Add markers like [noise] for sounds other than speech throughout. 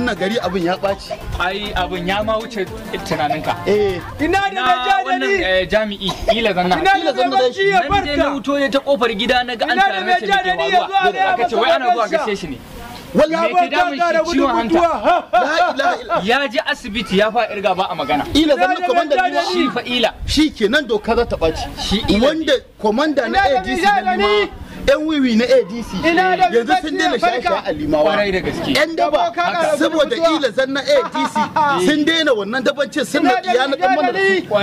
wannan gari abin ya ɓaci ai abin ya ma wuce tunaninka eh ina ne na wannan eh, jami'i ila zanna ila zanna da shi nan je na wuto ne ta kofar gida na ga an tare ne ke faruwa aka ce wai ana zuwa gashe shi ne wallahi ba ta gara ciwon hanta? ya je asibiti ya fa irga ba a magana ila zanna komanda ne shi fa ila shi kenan doka za ta ɓaci wanda komanda na ADC ne ma yan wiwi na adc yanzu sun daina shasha a limawa yan daba saboda ilazan na adc sun daina wannan dabancin sun na iya na dan mana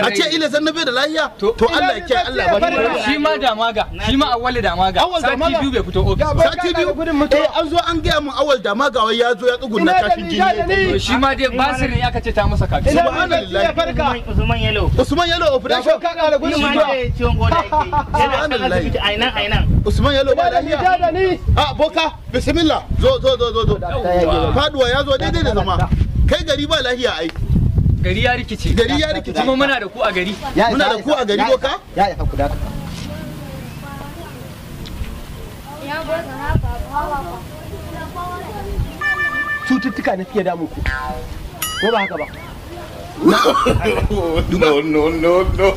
a ce ilazan na bai da lahiya to allah ya allah ba shi ma damaga shi ma awali damaga sati biyu bai fito ofis sati biyu eh an zo an gaya mun awal damaga wai ya zo ya tsugunna kashin jini shi ma dai ne ya ce ta masa kaki subhanallahi usman yalo usman yelo operation ka kara gudun ma ne ciwon goda yake yana asibiti ainan ainan usman yalo ba lafiya a boka bismillah zo zo zo zo faduwa ya zo daidai da zama kai gari ba lafiya ai gari ya rikice gari ya rikice kuma muna da ku a gari muna da ku a gari boka ya ya ku daka cututtuka na fiye ko ba haka ba [laughs] no no no no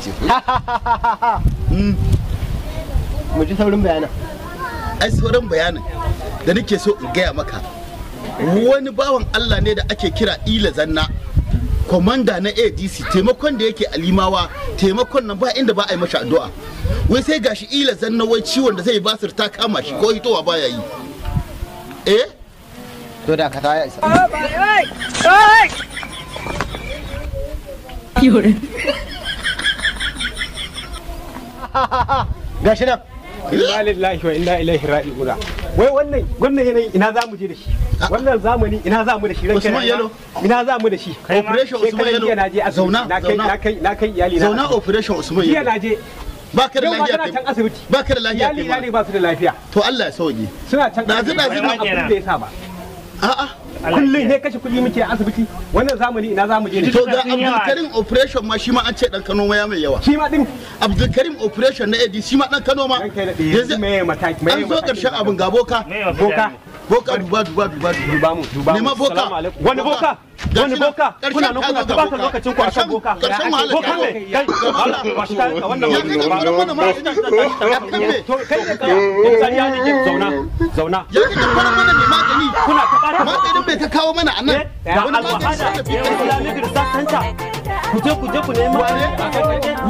ce hmm. mu ji saurin bayanan ai saurin bayanin da nake so in gaya maka wani bawan Allah ne da ake kira ila zanna komanda na adc taimakon da yake alimawa taimakon nan ba inda ba a yi masa addu'a wai sai gashi ila zanna wai ciwon da zai basir ta kama shi ko hitowa baya yi eh to da ka ta ya isa [laughs] gashi nan inna lillahi wa inna ilaihi raji'un wai wannan wannan ina za mu je da shi ah. wannan zamani ina za mu da shi Usman ina za mu da shi operation Usman Yalo zauna na kai na kai na kai iyali na zauna operation Usman Yalo na je ba ka da lafiya kai asibiti ba ka da lafiya kai iyali ba su da lafiya to Allah ya sauke suna can asibiti ba abin da ya sa ba a'a kullum he kashe kuɗi muke asibiti wannan zamani ina zamu je to ga abdulkarim operation ma shi ma an ce dan kano ma ya mai yawa shi ma din abdulkarim operation na ad shi ma dan kano ma yanzu me mataki me an zo karshen abin ga boka boka boka duba duba duba duba mu duba mu boka wani boka wani boka kuna nan kuna lokacin ku akan boka karshen wahala boka ta boka ne wannan ma ina to kai ne ka zauna zauna ya mana ne magani kuna ta maganin bai ka kawo mana a nan eh, wani maganin da fitar islamic research center ku je ku je ku nemi wane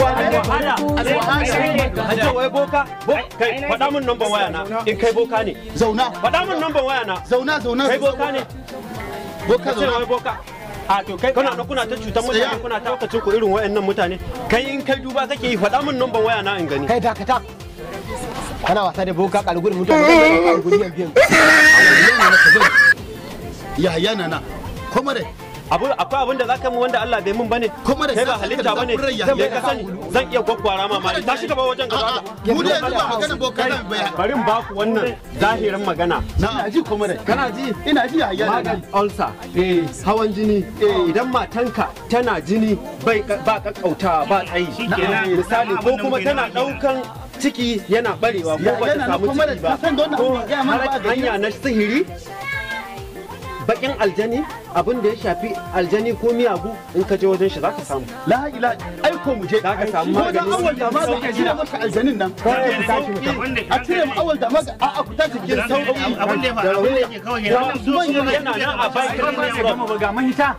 wane wahala alwahan eh, sai haje wai boka kai faɗa min number waya na in kai boka ne zauna faɗa min number waya na zauna zauna kai boka ne boka zauna boka a to kai kana na kuna ta cutar mutane kuna ta kace ku irin wayannan mutane kai in kai duba kake yi faɗa min number waya na in gani kai dakata kana wasa da boka kalgur mutum da biyan [laughs] yahaya nana komare akwai abin da za ka mu wanda Allah bai mun bane kai ba halitta bane zan bai sani? zan iya gwaggwara ma mali tashi gaba wajen gaba mu da yanzu ba magana boka nan ba bari in baku wannan zahirin magana ina ji kuma kana ji ina ji hayya magan ulcer eh hawan jini eh idan matanka tana jini bai ba kakkautawa ba tsayi eh, misali ko kuma tana daukan ciki yana barewa ko ba ta samu ciki ba ko hanya na sihiri bakin aljani abin da ya shafi aljani ko miyagu in ka je wajen shi za ka samu la ila ai ko mu je zaka samu da awal da ma ka ji maka aljanin nan a cire mu awal da ma a a ku tashi ke sauki abin da ya abin da yake kawai yana yana nan a bai ga mahita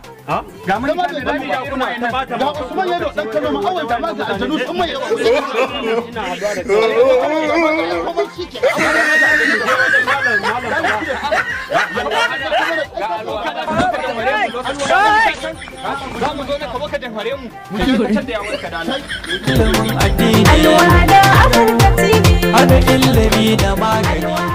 ga mun da rami da kuma ba ga Usman ya dan kano ma awal da ma ga aljanu sun mai ina da da Za mu zo ne ka baka jamhare mu. Mu da yawon ka dana. Ilimin addini. Alwala da da magani.